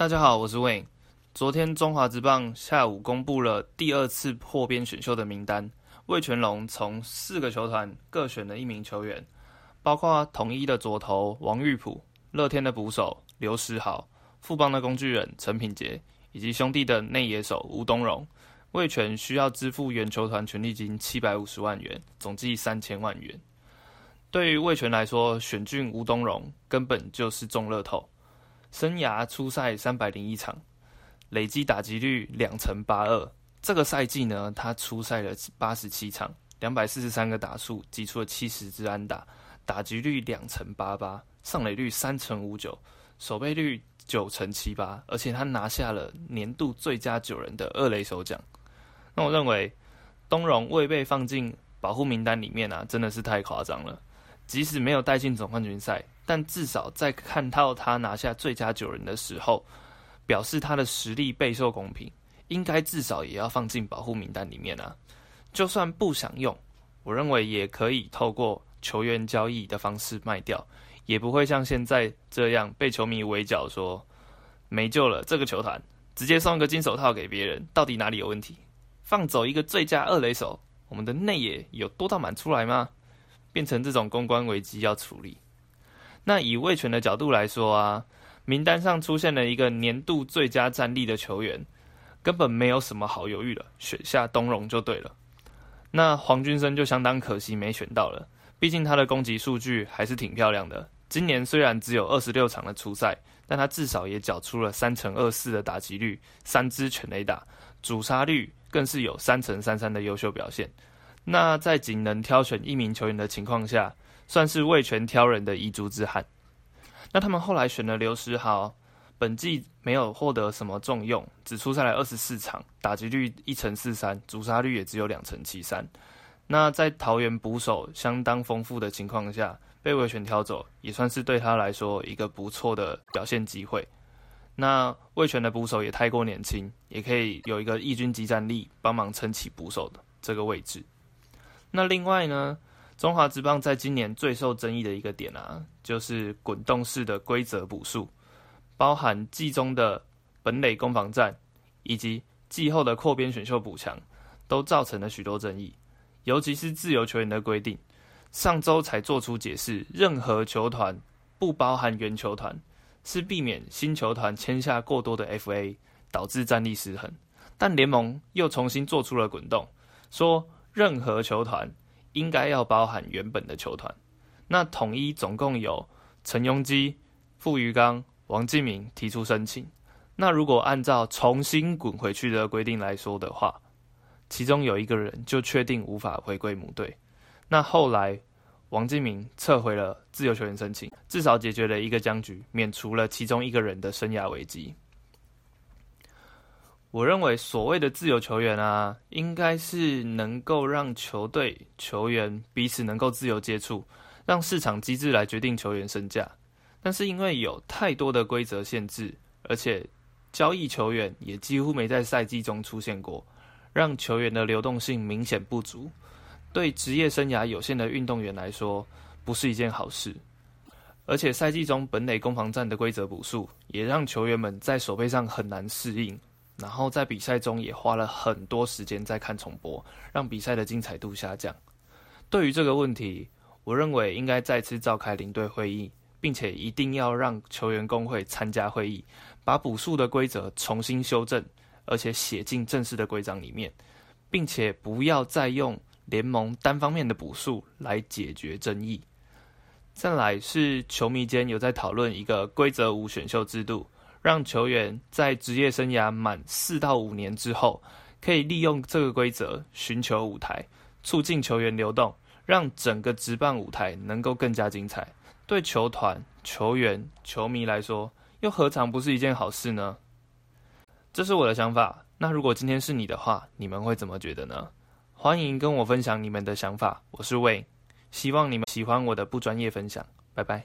大家好，我是韋恩。昨天中華職棒下午公布了第二次破編選秀的名單，味全龍從四個球團各選了一名球員，包括統一的左投王玉譜、樂天的捕手劉時豪、富邦的工具人陳品杰，以及兄弟的內野手吳東融。味全需要支付原球團權利金七百五十萬元，總計三千萬元。對於味全來說，選俊吳東融根本就是中樂透。生涯出賽三百零一場，累積打擊率兩成八二。這個賽季呢，他出賽了八十七場，兩百四十三個打數，擊出了七十支安打，打擊率兩成八八，上壘率三成五九，守備率九成七八，而且他拿下了年度最佳九人的二壘手獎。那我認為，東融未被放進保護名單裡面啊，真的是太誇張了。即使沒有帶進總冠軍賽，但至少在看到他拿下最佳九人的時候，表示他的實力備受公平，應該至少也要放進保護名單裡面啊。就算不想用，我認為也可以透過球員交易的方式賣掉，也不會像現在這樣被球迷圍剿說沒救了。這個球團直接送一個金手套給別人，到底哪裡有問題？放走一個最佳二壘手，我們的內野有多到滿出來嗎？變成這種公關危機要處理。那以味全的角度來說啊，名單上出現了一個年度最佳戰力的球員，根本沒有什麼好猶豫的，選下東融就對了。那黃俊生就相當可惜沒選到了，畢竟他的攻擊數據還是挺漂亮的。今年雖然只有二十六場的出賽，但他至少也繳出了三成二四的打擊率，三支全壘打，主殺率更是有三成三三的優秀表現。那在僅能挑選一名球員的情況下，算是味全挑人的遺珠之憾。那他們後來選了劉時豪，本季沒有獲得什麼重用，只出賽了二十四場，打擊率一成四三，阻殺率也只有兩成七三。那在桃園捕手相當豐富的情況下，被味全挑走，也算是對他來說一個不錯的表現機會。那味全的捕手也太過年輕，也可以有一個一軍即戰力幫忙撐起捕手的這個位置。那另外呢，中華職棒在今年最受爭議的一個點啊，就是滾動式的規則補述，包含季中的本壘攻防戰以及季後的擴編選秀補強，都造成了許多爭議。尤其是自由球員的規定，上周才做出解釋，任何球團不包含原球團，是避免新球團簽下過多的 FA，導致戰力失衡。但聯盟又重新做出了滾動，說，任何球團應該要包含原本的球團。那統一總共有陳鏞基、傅於剛、王鏡銘提出申請。那如果按照重新滾回去的規定來說的話，其中有一個人就確定無法回歸母隊。那後來王鏡銘撤回了自由球員申請，至少解決了一個僵局，免除了其中一個人的生涯危機。我認為所謂的自由球員啊，應該是能夠讓球隊球員彼此能夠自由接觸，讓市場機制來決定球員身價。但是因為有太多的規則限制，而且交易球員也幾乎沒在賽季中出現過，讓球員的流動性明顯不足，對職業生涯有限的運動員來說，不是一件好事。而且賽季中本壘攻防戰的規則補數，也讓球員們在守備上很難適應。然後在比賽中也花了很多時間在看重播，讓比賽的精彩度下降。對於這個問題，我認為應該再次召開領隊會議，並且一定要讓球員工會參加會議，把補述的規則重新修正，而且寫進正式的規章裡面，並且不要再用聯盟單方面的補述來解決爭議。再來是球迷間有在討論一個規則五選秀制度。讓球員在職業生涯滿四到五年之後，可以利用這個規則尋求舞台，促進球員流動，讓整個職棒舞台能夠更加精彩。對球團、球員、球迷來說，又何嘗不是一件好事呢？這是我的想法。那如果今天是你的話，你們會怎麼覺得呢？歡迎跟我分享你們的想法。我是韋，希望你們喜歡我的不專業分享。拜拜。